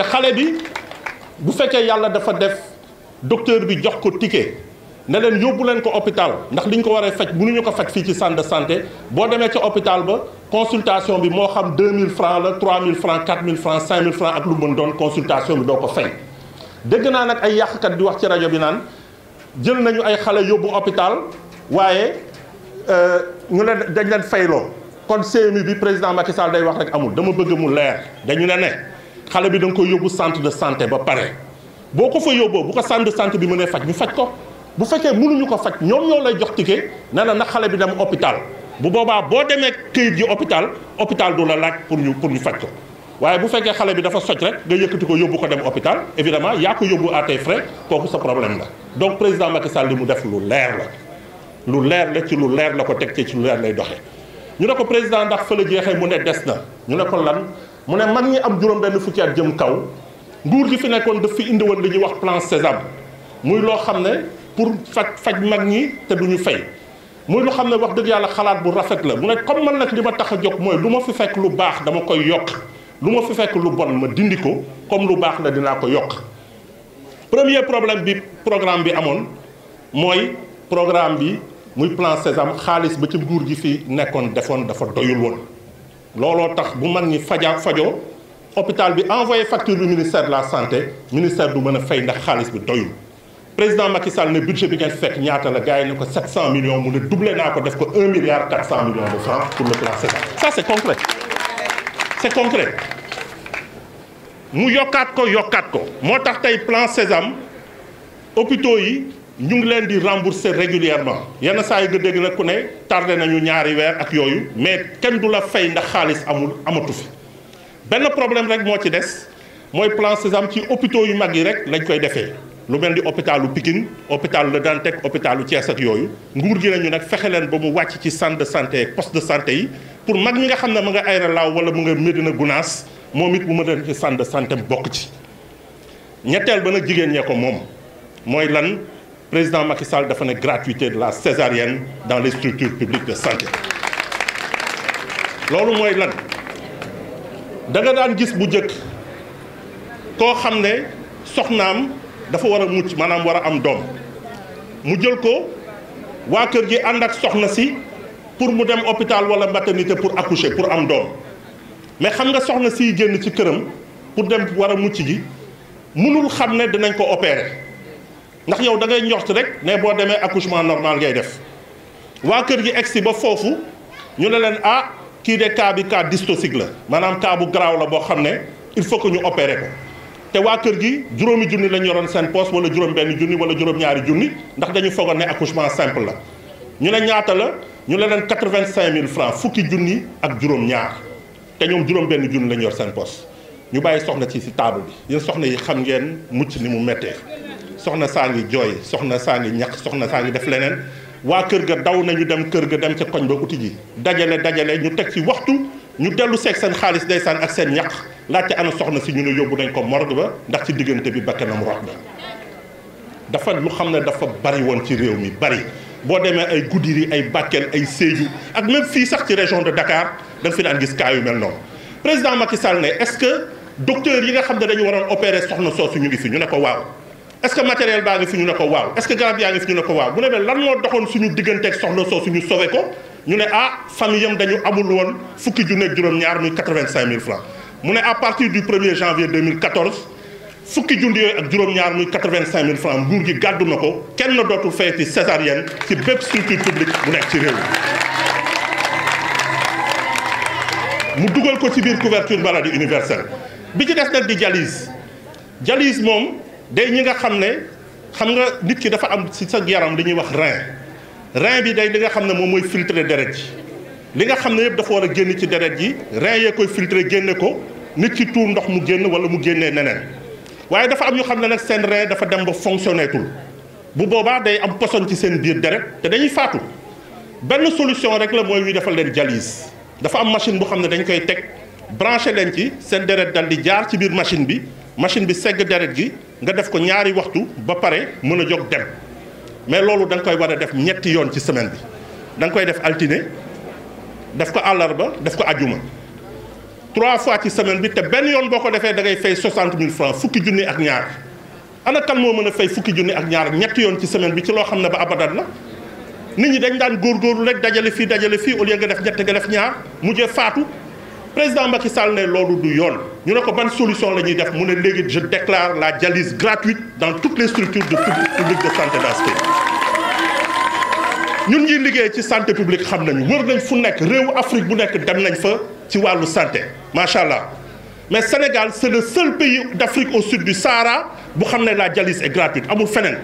te xale bi bu fekkee yàlla dafa def docteur bi jox ko ticket ne leen yóbbu leen ko hôpital ndax liñ ñu ko waree faj mënuñu ko faj fii ci centre de santé boo demee ci hôpital ba consultation bi moo xam 2000 francs la 3000 francs 4000 francs 5000 francs ak lu mën doon consultation bi doo ko fay. dégg naa nag ay yàqkat di wax ci rajo bi naan jël nañu ay xale yóbbu hôpital waaye euh, ñu leen dañ leen fayloo kon CMU bi président Macky Sall day wax rek amul dama bëgg mu leer dañu ne ne xalé bi dang nga koy yóbbu centre de santé ba paré boko fa yóbboo bu ko centre de santé bi mënee faj ñu faj ko bu fekkee mënuñu ko faj ñom ñoo lay jox ticket nana la na xale bi dem hôpital bu boba bo démé këyit ji hôpital hôpital do la laaj pour ñu pour ñu faj ko waaye bu fekkee xalé bi dafa socc rek nga yëkkati ko yobbu ko dem hôpital évidemment ya ko yobbu à tes frais kooku sa problème la donc président Macky Sall mu def lu lèr la lu lèr la ci lu lèr la ko teg ci lu lèr lay doxé ñu ne ko président ndax fële jeexee mu né dess na ñu ne ko lan mu ne mag ñi am juróom benn fukki at jëm kaw nguur gi fi nekkoon daf fi indi woon li ñuy wax plan Sésame muy loo xam ne pour faj faj mag ñi te du duñu fay muy loo xam ne wax dëgg yàlla xalaat bu rafet la mu ne comme man nag li ma tax a jóg mooy lu ma fi fekk lu baax dama koy yokk lu ma fi fekk lu bon ma dindi ko comme lu baax la dinaa ko yokk premier problème bi programme bi amoon mooy programme bi muy plan Sésame xaalis ba ci nguur gi fi nekkoon defoon dafa doyul woon lolo tax bu mag ñi fajaa fajoo hôpital bi envoyé facture du ministère de la santé ministère du mën fay ndax xaalis bi doyul président Macky Sall ne budget bi ngeen fekk ñaata la gaay yi ne ko 700 millions mu ne doublé naa ko def ko 1 milliard 400 millions de francs pour le plan Sénégal ça c'est concret c'est concret mu yokkat ko yokkat ko motax tay plan Sésame hôpitaux yi ñu ngi leen di rembourser régulièrement yenn saa yi nga dégg nag ku ne tardé nañu ñaari weer ak yooyu mais kenn du la fay ndax xaalis amul amatu fi benn problème rek moo ci des mooy plan Sésame ci hôpitaux yu mag yi rek lañ koy defee lu mel ni hôpitalu Pikine hôpital Le Dantec hôpitalu Thiès ak yooyu nguur gi nañu nag fexe leen ba mu wàcc ci centre de santé poste de santé yi pour mag ñi nga xam ne mu nga Aéré Lao wala mu nga Médina Gounass moom it mu mën a def ci centre de santé bokk ci ñetteel ba nag jigéen ñee ko moom mooy lan président Macky Sall dafa la gratuité de la césarienne dans les structures publiques de santé Lors mooy lan da nga daan gis bu njëkk koo xam ne soxnaam dafa wara a mucc maanaam war am doom mu jël ko wa keur gi ànd ak soxna si pour mu dem hôpital wala maternité pour accoucher pour am doom mais xam nga soxna siy génn ci këram pour dem wara a mucc ji mënul xam dinañ ko opérer ndax yow da ngay njort rek ne boo demee accouchement normal ngay def waa kër gi egsi ba foofu ñu ne leen ah kii de cas bi cas dystocique la maanaam cas bu garaaw la boo xam ne il faut que ñu opérer ko te waa kër gi juróomi junni la ñu yoroon seen poste wala juróom benn junni wala juróom-ñaari junni ndax dañu foogoon ne accouchement simple la ñu ne ñaata la ñu ne leen quatre-vingt-cinq mille francs fukki junni ak juróom-ñaar te ñoom juróom benn junni la ñor yor seen poste ñu bàyyi soxna ci si table bi yéen soxna yi xam ngeen mucc ni mu méttee soxna saa ngi jooy soxna saa ngi ñaq soxna saa ngi def leneen waa kër ga daw nañu dem kër ga dem ca koñ ba uti ji dajale dajale ñu teg ci waxtu ñu dellu seeg seen xaalis ndeysaan ak seen ñaq laajte ana soxna si ñu ne yóbbu nañ ko morgue ba ndax ci diggante bi bakkanam rot na dafa lu xam ne dafa bari woon ci réew mi bari boo demee ay Goudiri ay Bakel ay Sédhiou ak même fii sax ci région de dakaar da fi daan gis cas yu mel noonu président Macky Sall est-ce que docteur yi nga xam ne dañu waroon opérer soxna soosu ñu ngi fi ñu ne ko waaw est-ce que matériel baa ngi fi waaw est-ce que garab yaa ngi fi waaw bu nous lan mo doxoon suñu ak soxna so suñu sauvé ko ñu né ah famille de dañu amul won fukki junne ak juróom-ñaar muy 85000 francs Nous sommes à partir du 1er janvier 2014 fukki junne ak juróom-ñaar muy 85000 francs nguur gi gàddu nako kenn dootul fayati césarienne ci bép structure publique bu nekk ci réew mi mu dugal ko ci biir couverture maladie universelle bi ci des nak di dialyse dialyse moom day ñi nga xam xam nga nit ki dafa am ci sa yaram dañuy wax rein rein bi day li nga xam ne moom filtrer deret ji li nga xam yeb dafa wara a génn ci deret ji rein yee koy filtrer génne ko nit ki tour ndox mu génn wala mu génnee neneen waye dafa am ñu xam nak sen rein dafa dem ba fonctionné tul bu boba day am poson ci sen biir deret te dañuy faatu ben solution rek la moy ñu defal leen dialyse dafa am machine bu xam dañ koy tek brancher leen ci sen deret dal di jaar ci biir machine bi machine bi segg deret gi nga def ko ñaari waxtu ba pare mën a jox dem mais loolu danga koy war a def ñetti yoon ci semaine bi da nga koy def altine def ko àllarba def ko ajuma trois fois ci semaine bi te benn yoon boo ko defee da ngay fay soixante mille francs fukki junni ak ñaar ana kan moo mën a fay fukki junni ak ñaar ñetti yoon ci semaine bi ci loo xam ne ba abadan la nit ñi dañ daan góor góorgóorlu rek dajale fii dajale fii au lieu nga def ñett nga def ñaar mujjee faatu président Macky Sall ne loolu du yoon Nous avons une ban solution la def je déclare la dialyse gratuite dans toutes les structures de public de santé dans ce pays ñun ñuy liggéey ci santé publique xam nañu wër nañ fu nekk réewu Afrique bu nekk dem nañ fa ci la santé Machallah. Mais mais Sénégal c'est le seul pays d'Afrique au sud du Sahara bu la dialyse est gratuite amul feneen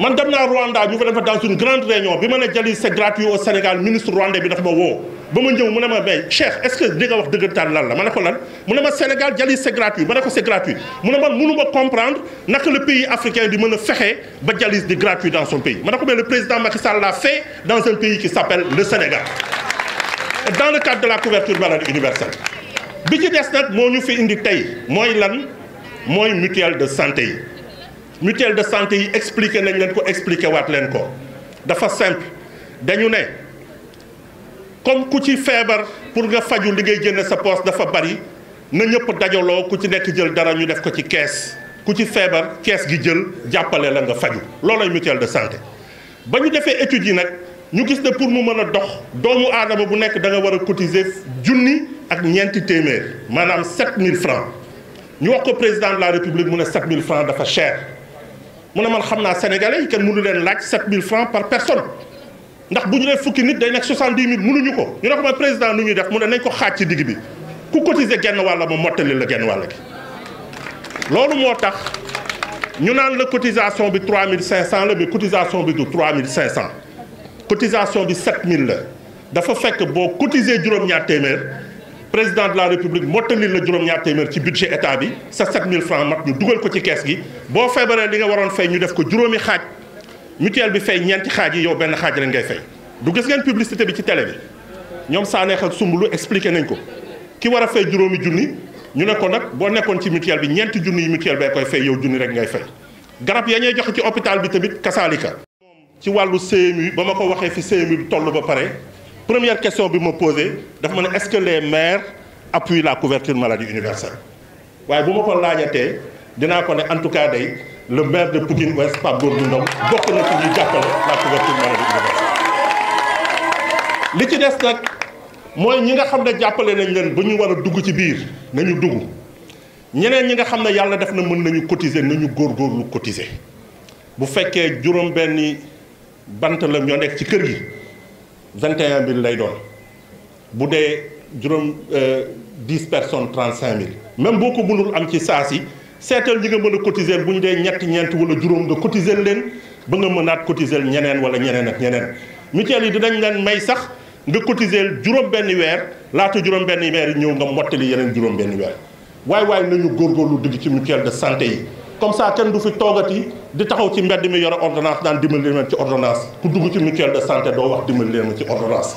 man dem naa Rwanda ñu fa dem dans une grande réunion bi ma dialyse est gratuit au Sénégal le ministre rwandais bi dafa ma woo ba Cheikh est-ce que li nga wax dëggantaan lan la ma ne ko lan mu ne ma Sénégal dialyse c'est gratuit ma ne ko c'est gratuit mu ne man mënu comprendre naka le pays africain di mën a fexe ba gratuit dans son pays Je ne ko mais le président Macky Sall l'a fait dans un pays qui s'appelle le Sénégal dans le cadre de la couverture maladie universelle bi ci des nag moo ñu fi indi tey mooy lan mooy mutuelle de santé mutuelle de santé yi expliqué nañ leen ko expliqué waat simple dañu ne comme ku ci feebar pour nga faju li ngay jënd sa poste dafa bari na ñëpp dajaloo ku ci nekk jël dara ñu def ko ci caisse ku ci feebar kees gi jël jappalé la nga faju loolay mutuelle de santé bañu ñu étude yi nak ñu gis ne pour mu mën dox doomu adama bu nekk da nga wara cotiser junni ak ñenti téeméer manam 7000 francs ñu wax ko président de la république mu ne 7000 francs dafa cher mu ne man xamna sénégalais yi kenn mënu len laaj 7000 francs par personne ndax buñu ñu fukki nit day nek 70000 dix mënuñu ko ñu ne ko président nu ñuy def mu ne nañ ko xaaj ci digg bi ku cotiser genn wàll ma mottali la genn wàll gi loolu moo tax ñu naan la cotisation bi 3500 la mais cotisation bi du 3500 cotisation bi 7000 la dafa fekk boo cotiser juróom-ñaar téeméer président de la république mottali la juróom-ñaar téeméer ci budget état bi sa 7000 francs mat ñu dugal ko ci kees gi boo feebaree li nga waroon fay ñu def ko juróomi xaaj mutuelle bi fay ñent xaaj yow ben xaaj la ngay fay du gis ngeen publicité bi ci télé bi ñom sa neex ak sumbulu expliquer nañ ko ki wara fay juroomi junni ñu ne ko nag boo nekkoon ci mutuelle bi ñent junni yi mutuelle bee koy fay yow junni rek ngay fay garab ya ñuy joxe ci hôpital bi tamit kasaalika. ci walu CMU bama ko waxe fi CMU bi toll ba paré première question bi ma poser daf ma ne est-ce que les maires appuient la couverture maladie universelle waaye bu ma ko laajatee dina ko ne en tout cas day. le maire de Pikine Ouest Pape Gorgui Ndong bokk na ci ñuy jàppale la couverture maladie universelle li ci des nag mooy ñi nga xam ne jàppale nañ leen ba ñu war a dugg ci biir nañu dugg ñeneen ñi nga xam ne yàlla def na mën nañu cotiser nañu góorgóorlu cotiser bu fekkee juróom benni bant la ñoo nekk ci kër gi vingt et un lay doon bu dee juróom euh, dix personnes trente cinq mil même boo ko mënul am ci saa si seetal ñi nga mën a cotiser bu ñu dee ñetti ñent wala juróom nga cotiser leen ba nga mënaat cotiser ñeneen wala ñeneen ak ñeneen mutuelle yi dinañ leen may sax nga cotiser juróom benn weer laata juróom benn weer yi ñëw nga mottali yeneen juróom benn weer waaye waaye nañu góorgóorlu dugg ci mutuelle de santé yi comme ça kenn du fi yi di taxaw ci mbedd mi yore ordonnance daan dimbali leen ci ordonnance ku dugg ci mutuelle de santé doo wax dimbali leen ci ordonnance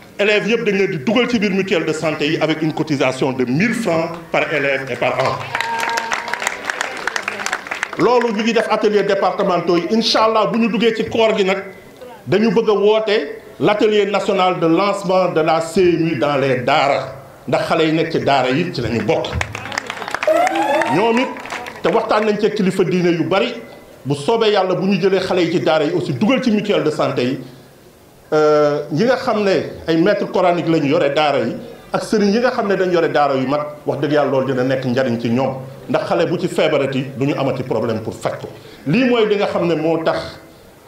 élèves ont dañ leen ci de santé avec une cotisation de 1000 francs par élève et par an loolu ñu ngi def atelier départemental. yi nous nous bu ci koor national de lancement de la CMU dans les daara ndax xale yi nekk ci daara yi ci la bokk ñoom te nañ kilifa yu bari bu aussi ci de santé Euh, ñi nga xam ne ay maître coranique la ñu yore daara yi ak sëriñ yi nga xam ne dañ yore daara yi mag wax dëgg yàlla loolu dina nekk njariñ ci ñoom ndax xale bu ci feebarati du ñu amati problème pour faj ko lii mooy li nga xam ne moo tax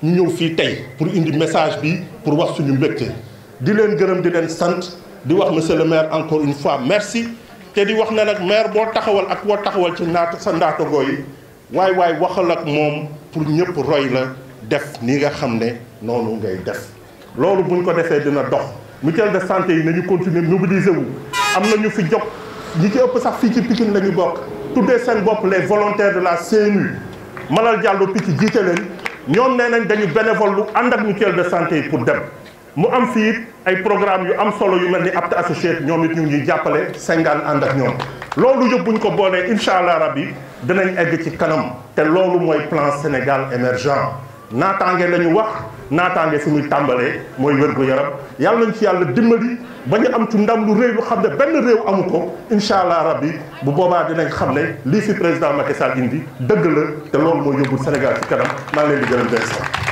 ñu ñëw fii tey pour indi message bi pour wax suñu mbégte di leen gërëm di leen sant di wax monsieur le maire encore une fois merci te di wax na nag maire boo taxawal ak boo taxawal ci naata sa ndaatagoo yi waaye waaye waxal ak moom pour ñëpp roy la def ni nga xam ne noonu ngay def lolu buñ ko défé dina dox mutuelle de santé yi nañu continuer mobiliser wu amna ñu fi jox ñi ci ëpp sax fi ci Pikine lañu bok bokk tuddee bop les volontaires de la CNU Malal Diallo Piki jiite leen ñom né nañ dañu bénévole lu and ak mutuelle de santé pour dem mu am fii ay programme yu am solo yu melni apte Associate ñoom it ñu ñuy jappalé Sengaan and ak ñom lolu yëpp buñ ko bolé inshallah rabbi dinañ egg ci kanam té lolu moy plan Sénégal émergent natangé lañu wax naataange fi muy tàmbalee mooy wér-gu-yaram yàlla nañ ci yàlla dimbali ba ñu am ci ndam lu réew lu xam ne benn réew amu ko incha allah rabbi bu boobaa dinañ xam ne lii fi président Macky Sall indi dëgg la te loolu moo yóbbul Sénégal ci kanam maa ngi leen di gërëm